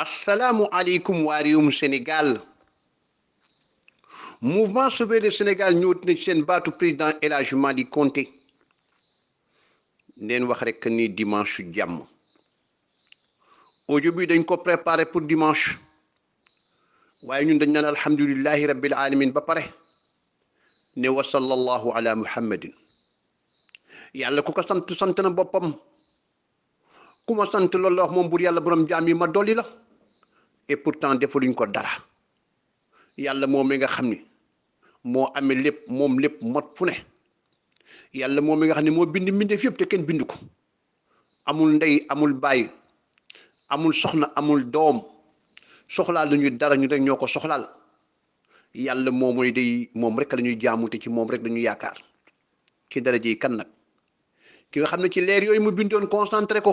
asalaamualeykum waa warium Sénégal mouvement sauver le Sénégal ñëwut na seen baatu président El Hadji Malick Konté leen wax rek ni dimanche jàmm audio bi dañ ko préparé pour dimanche waaye ñun dañ naan alhamdulillahi rabbil alamin ba pare ne sallallahu ala muhammadin yàlla ku ko sant sant na boppam ku ma sant loolu la wax moom buur yàlla borom et pourtant defaluñ ko dara yàlla moom mi nga xam ni moo amee lépp moom lépp mot fu ne yàlla moom mi nga xam ne moo bind mbindeef yëpp te kenn bind ko amul ndey amul bàyyi amul soxna amul doom soxlaal ñu dara ñu rek ñoo ko soxlaal yàlla moom mooy day moom rek lañuy ñuy ci moom rek dañuy yaakaar ci dara yi kan nag ki nga xam ne ci leer yooyu mu bindoon concentré ko.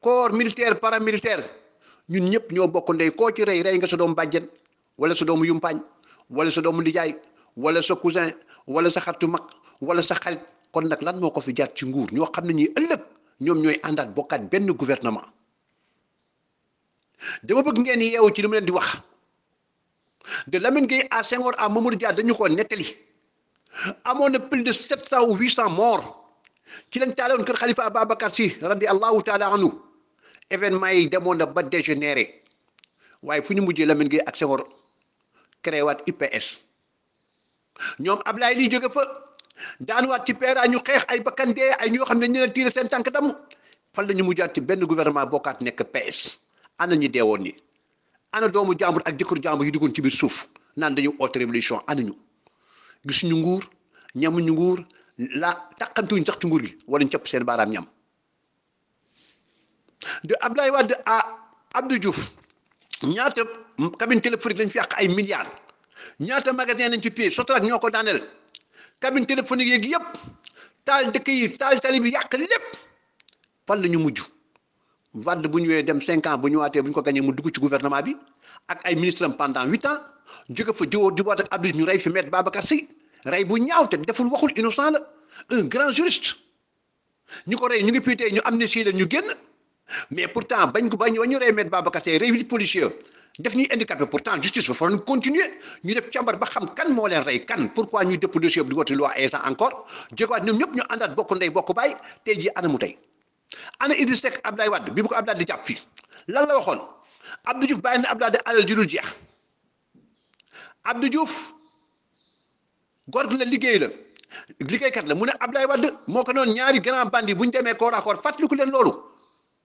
corps militaire paramilitaire ñun ñëpp ñoo bokk ndey koo ci rey rey nga sa doomu bàjjen wala sa doomu yumpaañ wala sa doomu lijaay wala sa cousin wala sa xaritu mag wala sa xarit kon nag lan moo ko fi jaar ci nguur ñoo xam ne ñi ëllëg ñoom ñooy àndaat bokkaat benn gouvernement dama bëgg ngeen yeewu ci li mu leen di wax de Lamine Gueye à Senghor à Mamadou Dia dañu ko nettali amoon na plus de sept cent ou huit cent morts ci lañ taaloon kër Khalifa Ababacar Sy événement yi demoon na ba dégénéré waaye fu ñu mujjee Lamine Gueye ak Senghor créé waat UPS ñoom Ablaye liy jóge fa daan waat ci PRA ñu xeex ay bakkan dee ay ñoo xam ne ñu leen tiire seen tànk dam fan la ñu mujjaat benn gouvernement bokkaat nekk PS ana ñi deewoon ni ana doomu jàmbur ak jëkkër jàmbur yi duggoon ci biir suuf naan dañu oote révolution ana ñu gisuñu nguur ñamuñu nguur la taqantuñu sax ci nguur gi wala ñu cëpp seen baaraam ñam. de Abdoulaye Wade à Abdou Diouf ñaata cabine téléphonique lañ fi yàq ay milliards ñaata magasin lañ ci piyee Sotrac ñoo ko daaneel cabine téléphonique yeeg yëpp taal dëkk yi taal tali bi yàq lépp fan la ñu mujj Wade bu ñëwee dem cinq ans bu ñu waatee bu ñu ko gañee mu dugg ci gouvernement bi ak ay ministres am pendant huit ans jóge fa jiwoo di boot ak Abdou ñu rey fi maître Babacar si rey bu ñaaw te deful waxul innocent la un grand juriste ñu ko rey ñu ngi piitee ñu amnistie leen ñu génn. mais pourtant bañ ko bañ ñu rey Me Babacar Seye réew yi policier def ñuy handicapé pourtant justice fa faroon continuer ñu def càmbar ba xam kan mo leen rey kan pourquoi ñu dépôt dossier bi di loi Ezzan encore jégaat ñoom ñep ñu andat bokk ndey bokk bay tay ji anamu tey ana Idriss Seck Abdoulaye wad bi bu ko Abdoulaye di japp fi lan la waxoon Abdou Diouf bàyyi na Abdoulaye di alal ju jeex Abdou Diouf gor la liggéey la liggéeykat la mu ne Abdoulaye wad moko non ñaari grand bandi buñ démé demee corps fatlikou len fàttaliku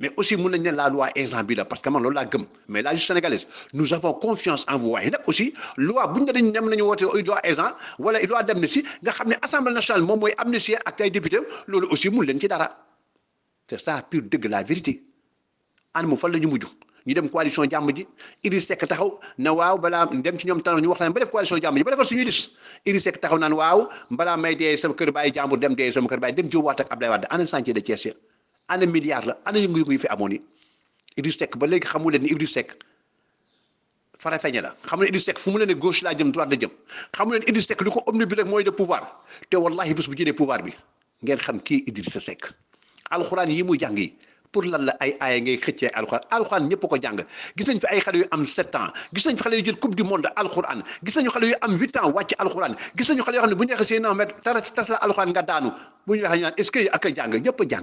mais aussi mun nañ la loi parce que man mais la justice sénégalaise nous avons confiance en vous a aussi loi si nous avons nañu avons loi loi d'amnistie nga nationale amnistie ak député aussi leen c'est ça pure la vérité an nous avons la ñu dem coalition la Idriss taxaw na waw bala dem ci ñom tan ñu ba def coalition ba def suñu dis Idriss Seck taxaw nan waw may sama kër dem dé sama kër dem année milliard la année yëngu-yëngu yi fi amoon yi Idriss Seck ba léegi xamu leen ni Idriss Seck fara feñe la xam leen Idriss Seck fu mu laa jëm droite la jëm xamu leen Idriss Seck lu ko omni bi rek mooy de pouvoir te wallahi bés bu jëlee pouvoir bi ngeen xam kii Idrissa Seck alxuraan yi muy jàng yi pour lan la ay aaya ngay xëccee alxuraan alxuraan ñëpp ko jàng gis nañ fi ay xale yu am sept ans gis nañ fi xale yu jël coupe du monde alxuraan gis nañu xale yu am huit ans wàcc alxuraan gis nañu xale yoo xam ne bu ñu a jàng ñëpp a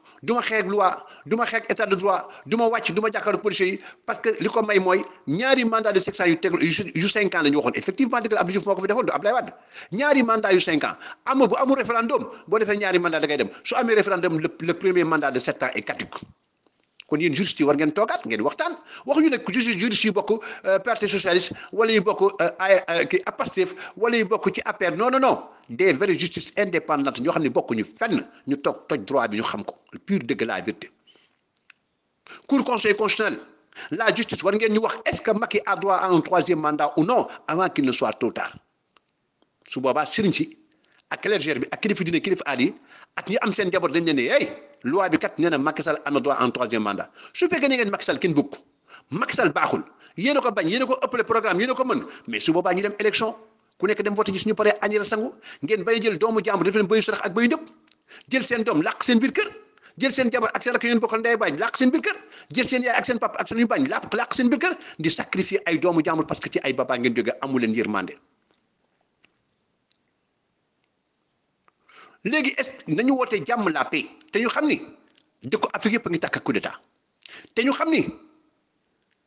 duma ma loi duma ma état de droit duma ma wàcc du ma jàkkaarloog yi parce que li ko may mooy ñaari mandat de cinq ans yu teg yu cinq ans la ñu waxoon effectivement dëgg la Abdou moo ko fi defoon du Abdoulaye Wade ñaari mandat yu cinq ans ama bu amul référendum boo defee ñaari mandat da ngay dem su amee référendum le premier mandat de sept ans est caduc kon yéen juristes yi war ngeen toogaat ngeen waxtaan waxuñu nag juristes yu bokk euh, parti socialiste wala yu bokk euh, euh, kii apastif wala yu bokk ci APR non non non des vraies justices indépendantes ñoo xam ne bokkuñu fenn ñu toog toj droit bi ñu xam ko le pur dëgg la vérité cour conseil constitutionnel la justice war ngeen ñu wax est-ce que Macky a droit à un troisième mandat ou non avant qu'il ne soit trop tard su boobaa sëriñ si ak clergère bi ak kilifa diine kilifa aada yi ak ñi am seen njaboot dañ leen ne hey loi bi kat neena na Macky Sall am na droit en troisième mandat su fekkee ne ngeen Macky Sall kenn bëgg ko Macky Sall baaxul yéen ko bañ yéen ko ëppale programme yéen ko mën mais su boobaa ñu dem élection ku nekk dem vote ji suñu paree añira sangu ngeen bay jël doomu jàmbur def leen bayu sarax ak bayu ndëpp jël seen doom làq seen biir kër jël seen jabar ak seen rakk yéen bokkal nday bañ laq seen biir kër jël seen yaay ak seen papa ak seen ñu bañ laq laq seen biir kër di sacrifier ay doomu jaamul parce que ci ay baba ngeen joge amu leen yërmande léegi est nañu woote jàmm la te ñu xam ni dëkku Afrique yëpp a ngi tàkk ak coup d'état te ñu xam ni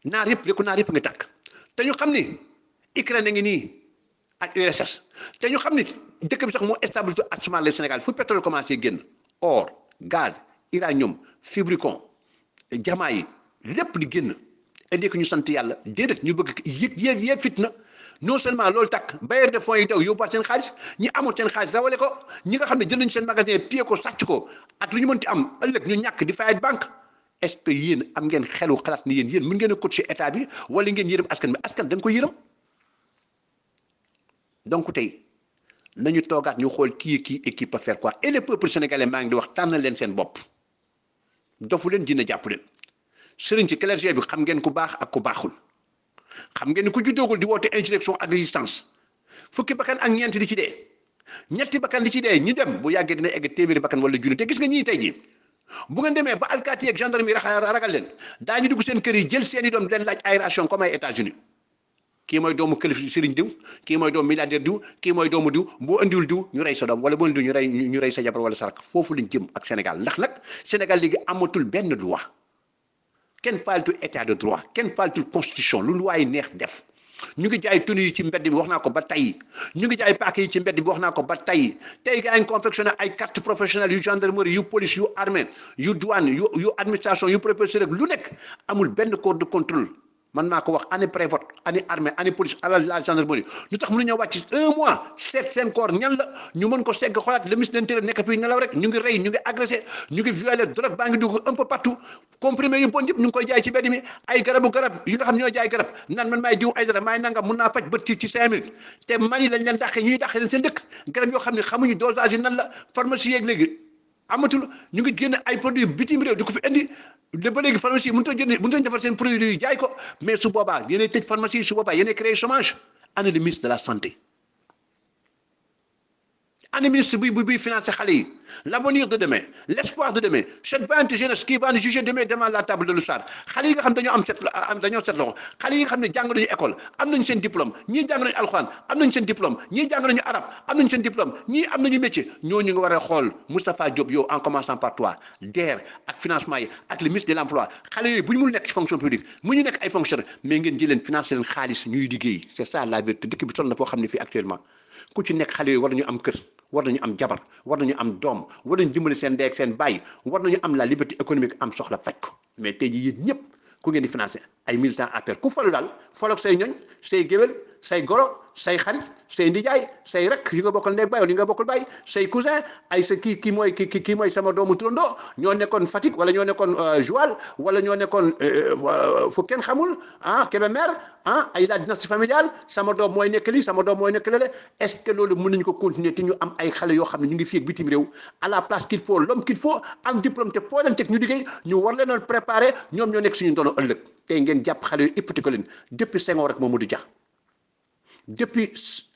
naar yëpp dëkku naar yëpp a ngi tàkk te ñu xam ni Ukraine a ngi nii ak URSS te ñu xam ni dëkk bi sax moo stabilité actuellement le Sénégal fu pétrole commencé génn or gaz uranium fibricon jamaa yi lépp di génn indi ko ñu sant yàlla déedéet ñu bëgg yëg yëg yëg fitna. non seulement loolu takk bailleur de fonds yi daw yóbbuwaat seen xaalis ñi amul seen xaalis rawale ko ñi nga xam ne jël nañu seen magasin piyee ko sàcc ko ak lu ñu mënti am ëllëg ñu ñàkk di fayat banque est-ce yéen am ngeen xelu xalaat ni yéen yéen mën ngeen a coacher état bi wala ngeen yërëm askan bi askan da nga ko yërëm donc tey nañu toogaat ñu xool kii kii équipe ba faire quoi et le peuple sénégalais maa ngi di wax tànn leen seen bopp dofu leen dina jàpp leen sëriñ si clergé bi xam ngeen ku baax ak ku baaxul xam ngeen ni ku juddoogul di woote insurrection ak résistance fukki bakkan ak ñeent di ci dee ñetti bakkan di ci dee ñu dem bu yàggee dina egg téeméeri bakkan wala junni te gis nga ñii tey jii bu ngeen demee ba alkaati yeeg gendarmerie ragal leen daa ñu dugg seen kër yi jël seen i doom di leen laaj aération comme ay États-Unis kii mooy doomu kilifa sëriñ diw kii mooy doomu milliardaire diw kii mooy doomu diw boo indiwul diw ñu rey sa doom wala boo indiwul ñu rey ñu rey sa jabar wala sa rak foofu lañ jëm ak Sénégal ndax nag Sénégal léegi amatul benn loi ken faaltul état de droit ken faaltul constitution lu lu neex def ñu ngi jaay tunu yi ci mbedd bi waxna ko ba tay ñu ngi jaay paak yi ci mbedd bi waxna ko ba tay tay gaa ngi confectionné ay carte professionnelle yu gendarmerie yu police yu armée yu douane yu administration yu préfecture rek lu nekk amul benn corps de contrôle man maa ko wax année prévote année armée année police à la gendarmerie lu tax mënu ñoo wàcc un mois seet seen corps ñan la ñu mën ko segg xoolaat le ministre de l'intérieur nekk fii nelaw rek ñu ngi rey ñu ngi agressé ñu ngi violé drogue baa ngi dugg un peu partout comprimé yu bon yëpp ñu ngi koy jaay ci mbedd mi ay garabu garab yu nga xam ñoo jaay garab naan man maay diw ay dara maay nangam mun naa faj bët ci ci cinq mille te man yi lañ leen dàqee ñuy dàqee leen seen dëkk yoo xam ne xamuñu dosage yi nan la pharmacie yeeg léegi amatul ñu ngi génne ay produits bitim réew di ko fi indi ba léegi pharmacie mënut a jënd mënut a defar seen produit yi jaay ko mais su boobaa yéenay tëj pharmacie su boobaa yéenay créer chômage ana le ministre de la santé ana ministre oui, oui, financer Khali. l'avenir de demain l'espoir de demain cette vaillante jeunesse qui va nous juger demain devant la table de l'histoire Khali, yi nga xam dañoo am set am dañoo set loxo yi nga xam ne école am nañu un diplôme ñii jàng nañu alxuraan am nañu un diplôme ñii jàng nañu Arabe. am nañu un diplôme Nous am nañu métier ñooñu nga war rôle. xool Moustapha Diop en commençant par toi D'air, ak financement avec ak le ministre de l'emploi Khali, yooyu bu ñu mun ci fonction publique mu ñu nekk ay fonctionnaires mais ngeen jël leen financer leen ñuy liggéey c'est ça la vérité dëkk bi toll na foo xam ne actuellement ku ci nekk xale yooyu war ñu am kër war ñu am jabar war ñu am doom war nañu dimbali seen ndey ak seen bàyyi war nañu am la liberté économique am soxla faj ko mais tey jii yéen ñëpp ku ngeen di financé ay militants APR ku falu daal faloog say ñoñ say géwél say goro say xarit say ndijaay say rek yi nga bokkal nek bay wala nga bokkal bay say cousin ay sa kii kii mooy ki ki mooy sama doomu turandoo ñoo nekkoon fatik wala ñoo nekkoon euh, Joal wala ñoo nekkoon euh, euh, fu ken xamul ah Kébémer ah ay la dynastie familiale sama doom mooy nekk li sama doom mooy nekk lële est-ce que lolu mën ko continuer te ñu am ay xalé yo xamni ñu ngi fii ak bitim rew à la place qu'il faut l'homme qu'il faut am diplôme te foo leen teg ñu liggéey ñu war leen préparer ñom ñoo nekk suñu ndono ëlëk tay ngeen japp xalé yu hypothéqué leen depuis Senghor rek Mamadou Dia depuis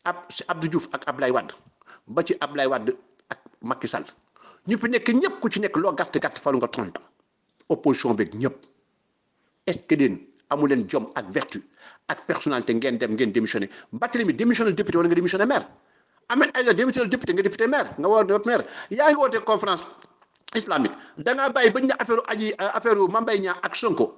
Abdou Diouf ak Ablaye Wade ba ci Ablaye Wade ak Macky Sall ñu fi nekk ñëpp ku ci nek lo gatt gatt falu nga trente opposition beeg ñëpp est-ce que den amu len jom ak vertu ak personnalité ngeen dem ngeen démissionné Barthélémy démissionné député wala nga démissionné maire Ahmed Aïdara démissionné député nga député maire nga war a maire Y'a ngi woote conférence islamique da ngaa bàyyi bañ na affaire aji euh, affaire Mame Mbaye Niang ak Sonko.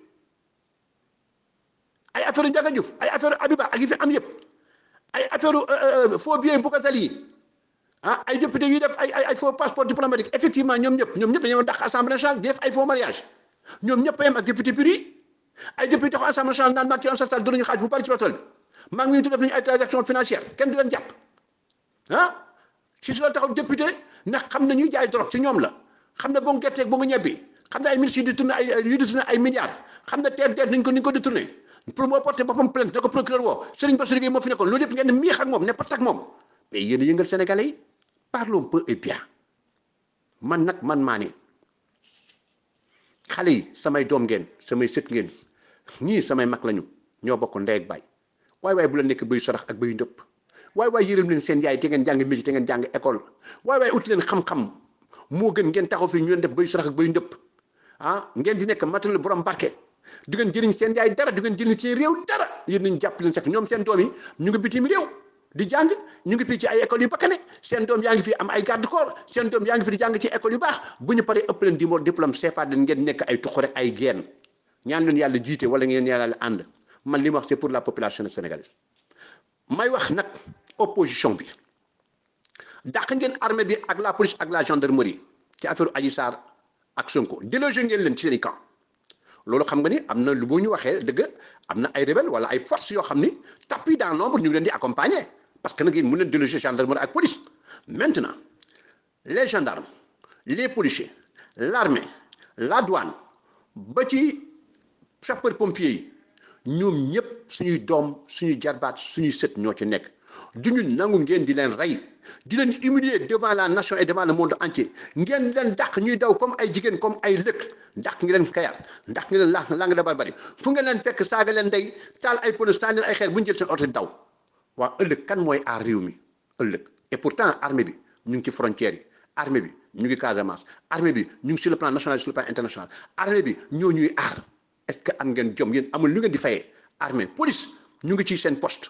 affaire u Ndiaga Diouf ay affaire Abiba ak yi fi am yëpp ay affaire u euh, euh, faux billets Boubacar ah, ay député yuy def ay ay passeport diplomatique effectivement ñoom ñëpp ñoom ñëpp dañoo dàq assemblée nationale def ay faux mariage ñoom ñëpp a yem ak député pur ay député taxaw assemblée nationale naan maag ci sa sal dooruñu xaaj bu bari ci waxtaan bi maa ngi ñu def nañu ay transaction financière kenn du leen jàpp ah si su la député ndax xam na ñuy jaay drogue ci ñoom la xam ne bo nga gerteeg bo xam ne ay ministres yu ay yu xam ne teer teer niñ ko niñ ko détourné pour mo porter bopam plainte nako procureur wo serigne bassirou gueye mo fi nekkon lolu yep ngeen mi xak mom ne pat ak mom mais yeen yeungal sénégalais yi parlons peu et bien man nak man mané xalé yi samay dom ngeen samay seuk ngeen ñi samay mak lañu ño bokku ndey ak bay way way bu la nek buy sorax ak buy ndeup way way yërem leen seen yaay te ngeen jang mi te ngeen jang école way way ut leen xam xam mo gën ngeen taxaw fi ñu def buy sorax ak buy ndeup ah ngeen di nek matul borom barké du ngeen jëriñ seen yaay dara du ngeen jëriñ seen réew dara yéen nañ jàpp leen sax ñoom seen doom yi ñu ngi bitim réew di jàng ñu ngi fii ci ay école yu bakkane yaa ngi fi am ay garde corps seen doom yaa ci école yu baax bu ñu paree ëpp leen di moo diplôme CFA leen ngeen nekk ay tuq ay geen ñaan leen yàlla jiite wala ngeen yàlla ànd man li ma wax c'est pour la population sénégalaise may wax nag opposition bi daq ngeen armée bi ak la police ak la gendarmerie ci affaire Adji Sarr ak Sonko délogé ngeen leen ci seen camp loolu xam nga ni am na lu bu ñu waxee dëgg am na ay rebelle wala ay force yoo xam ni tapis dans l'ombre ñu ngi leen di accompagner parce que nag yéen mën leen déloger gendarmerie ak police maintenant les gendarmes les policiers l'armée la douane ba ci sapeur pompier yi ñoom ñëpp suñuy doom suñuy jarbaat suñuy sët ñoo ci nekk duñu nangu ngeen di leen rey di leen humilier devant la nation et devant le monde entier ngeen leen dàq ñuy daw comme ay jigéen comme ay lëkk dàq ngi leen xayal dàq ngi leen laax langue de barbarie fu ngeen leen fekk saaga leen day taal ay pono saan leen ay xeer bu ñu jël seen oto daw waaw ëllëg kan mooy aar réew mi ëllëg et pourtant armée bi ñu ngi ci frontière yi armée bi ñu ngi Casamance armée bi ñu ngi sur le plan national sur le plan international bi ñoo ñuy aar que am ngeen jom yéen amul lu ngeen di fayee armée police ñu ngi ci seen poste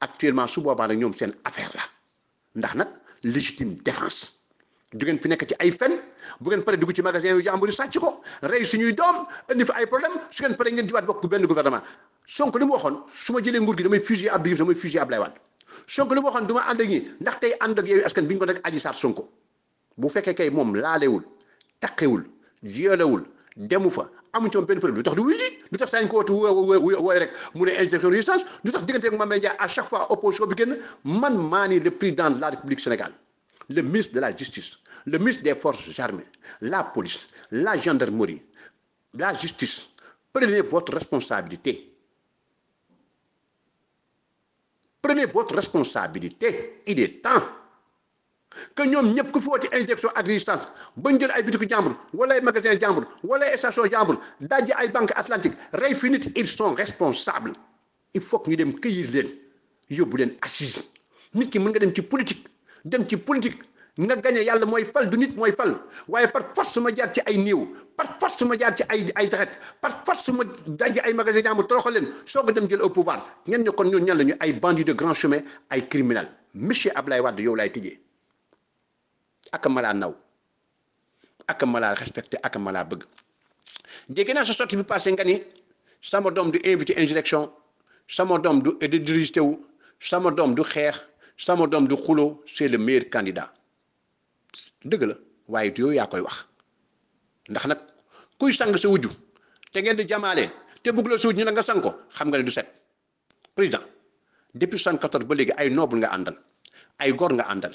actuellement su boobaa nag ñoom seen affaire la ndax nak légitime défense du ngeen fi nek ci ay fen bu ngeen paré dugg ci magasin yu jàmbur yi sàcc ko rey suñuy doom indi fa ay problème su ngeen paré ngeen jiwaat bokk benn gouvernement Sonko limu waxon suma jëlé nguur gi damay fusiller Abdou Diouf damay fusiller Abdoulaye Wade Sonko li waxon duma du ak ñi ndax tay ànd ak yow askan biñ ko nek aji sar Sonko bu fekkee kay mom lalewul taqewul violewul demu amu amuñ ci woon benn problème lu tax du wuyu ji lu tax saa ko woote wooy rek mu ne injection de substance lu tax à chaque fois opposition bi man mani le président de la République Sénégal le ministre de la justice le ministre des forces armées la police la gendarmerie la justice prenez votre responsabilité prenez votre responsabilité il est temps que ñom ñep ku fi injection ak résistance bañ jël ay boutique jambour wala ay magasin jambour wala ay station jambour dajji ay banque atlantique rey fi nit ils sont responsables il faut que ñu dem cueillir leen yobul leen assise nit ki mën nga dem ci politique dem ci politique nga gañe yalla moy fal du nit moy fal waye par force ma jaar ci ay niw par force ma jaar ci ay ay taxet par force ma dajji ay magasin jambour toroxal leen soga dem jël au pouvoir ñen ne kon ñoo ñan lañu ay bandits de grand chemin ay criminel monsieur Ablaye wad yow lay tijjee ak ma naw ak ma laa respecté ak ma bëgg dégg sa sortie bi passé nga sama dom du invité injection sama dom du du dirigé wu sama dom du xeex sama dom du xuloo c'est le meilleur candidat deug la waye it yooyu koy wax ndax nak kuy sang sa wujju te ngeen di jamalé té bëgg la suñu ñu nga sanko xam nga du set président depuis 74 ba légui ay noble nga andal ay gor nga andal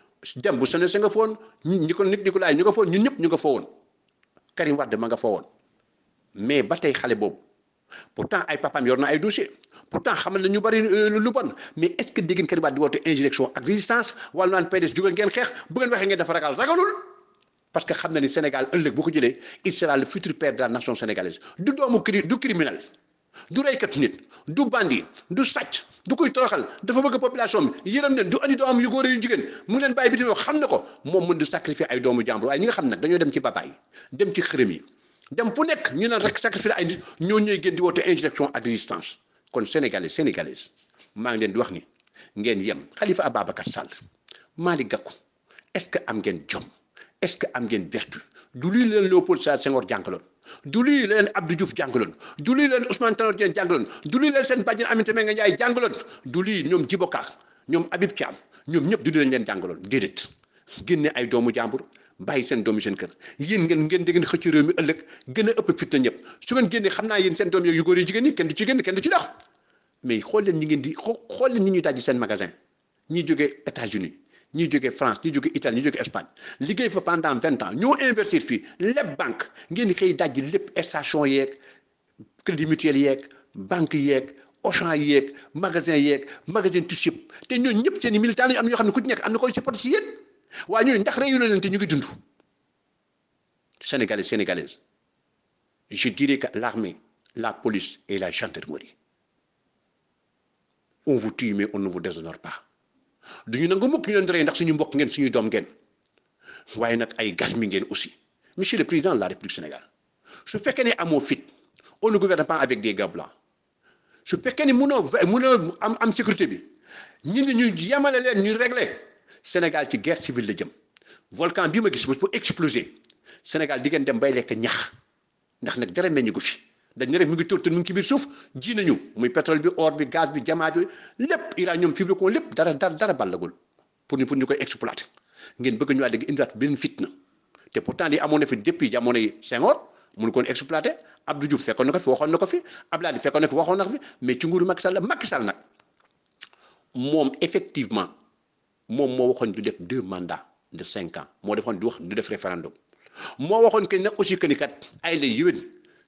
dem bu sone si nga foon ñi ko nit ñi ko laay ñu ko foon ñun ñep ñu nga foowoon Karim Wade ma nga foowoon mais batay xalé xale pourtant ay papam yorna ay dossier pourtant xamal na ñu bari euh, lu bon mais est ce que dégg Karim Wade di woote insurrection ak résistance walu nan PDS jógal ngeen xeex bu ngeen waxe ngeen dafa ragal ragalul parce que xam na ni Sénégal ëllëg bu ko jëlee il sera le futur père de la nation sénégalaise du doomu cri du criminel du reykat nit du bandi du sàcc du koy toroxal dafa bëgg population bi yërëm leen du andi doom yu góor yu jigéen mu ngi leen bàyyi bitim xam na ko moom mën di sacrifier ay doomu jàmbur waaye ñi nga xam nag dañoo dem ci babaay dem ci xërëm yi dem fu nekk ñu naan rek sacrifier ay nit ñoo ñëwee gën di woote injection à distance kon sénégalais sénégalaises maa ngi leen di wax ni ngeen yem Khalifa Ababacar Sall Malick Gakou est-ce que am ngeen jom est-ce que am ngeen vertu du lii leen Léopold Sédar Senghor jànkaloon du lii leen Abdou Diouf jàngaloon du lii leen Ousmane Tanor Dieng jàngaloon du lii leen seen bàjjen Aminata Mbengue Ndiaye jàngaloon du lii ñoom Djibo Ka ñoom Habib Thiam ñoom ñëpp du lii lañ leen jàngaloon déedéet génne ay doomu jàmbur bàyyi seen doom yi seen kër yéen ngeen ngeen di ngeen xëcc réew mi ëllëg gën a ëpp fitna ñëpp su ngeen génnee xam naa yéen seen doom yu góor yi jigéen ñi kenn du ci génn kenn du ci dox mais xool ñi ngeen di xool leen ñi ñuy dajji seen magasin ñi jógee états ni jógee France ni jógee Italie ni jógee Espagne liguey fa pendant 20 ans ñoo investir Les banques, banques ngeen xëy des lépp station yeeg crédit mutuel yeeg banque yeeg Auchan yeeg magasin yeeg magasin tous té te nous, ñëpp seen i militants am ñoo xamni ne ku ci nekk am ko koy support si yéen waaye ñooñu ndax réyu leen te ñu ngi dund sénégalais sénégalaise je dirais que l'armée la police et la gendarmerie on vous tue mais on ne vous déshonore pas duñu nangu mukk ñu leen ndax suñu ngeen doom ngeen aussi monsieur le président de la république Sénégal su fekkee ne fit on ne gouverne pas avec des gars blancs su ne am sécurité bi ñi ñu nous leen ñu Sénégal guerre civile volcan bi ma gis exploser Sénégal dem bay lekk ñax dañ ne rek mu ngi tur mu ngi ci biir suuf ji nañu muy pétrole bi or bi gaz bi jamaajo lépp uranium fibre ko lépp dara dara dara ballagul pour ñu pour ñu koy exploiter ngeen bëgg ñu wax dëgg indiwaat benn fitna te pourtant li amoon fi depuis jamonoy Senghor mun koon exploiter Abdou Diouf fekkoon na ko fi waxoon na ko fi Abdoulaye fekkoon na ko waxoon na ko fi mais ci nguuru Macky Sall Macky Sall nag moom effectivement moom moo waxoon du def deux mandats de cinq ans moo defoon du wax du def référendum moo waxoon que nag aussi que ni kat ay lay yéwén.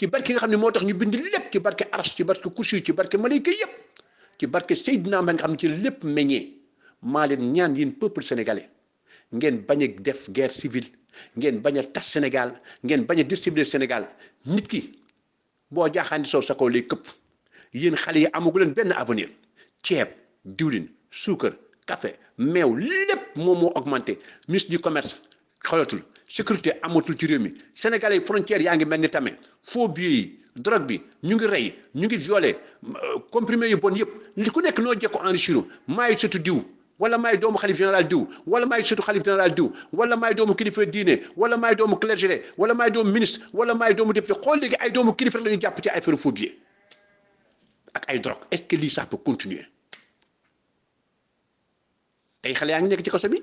ci barke nga xamni ne tax ñu bind lépp ci barke arsh ci barke kursi ci barke malayka yëpp ci barke Seydina ma nga xamni ci lepp meñé maa leen ñaan yéen peuple sénégalais ngeen baña def guerre civile ngeen baña a tas Sénégal ngeen baña distribuer Sénégal nit ki bo jaxandi so sa kaw lay këpp yéen xale yi amagu leen avenir ceeb diwlin suukar café meew lepp momo augmenter augmenté ministre du commerce xolatul sécurité amatul ci réew mi Sénégalais yi frontières yaa ngi mel ni tamit foo billets yi drogue bi ñu ngi rey ñu ngi violé euh, comprimé yu bon yëpp li ku nekk noo jekko enrichir maay sëtu diw wala maay doomu xalif général diw wala maay sëtu xalif général diw wala maay doomu kilifa diine wala maay doomu clergé wala maay doomu ministre wala maay doomu député xool léegi ay doomu kilifa la ñu jàpp ci affaire faux billets ak ay drogue est-ce lii ça peut continuer tey xale yaa ngi nekk ci kaso bi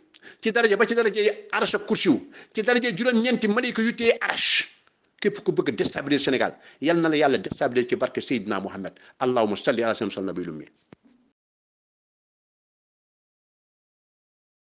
ci daraja ba ci daraja yi arsh ak kursiw ci daraja juróom-ñeenti malayka yu téye arsh képp ku bëgg a déstabiliser Sénégal yal na la yàlla déstabiliser ci barke Seydina Mouhamed allahumma salli ala sayyidina nabi lu mi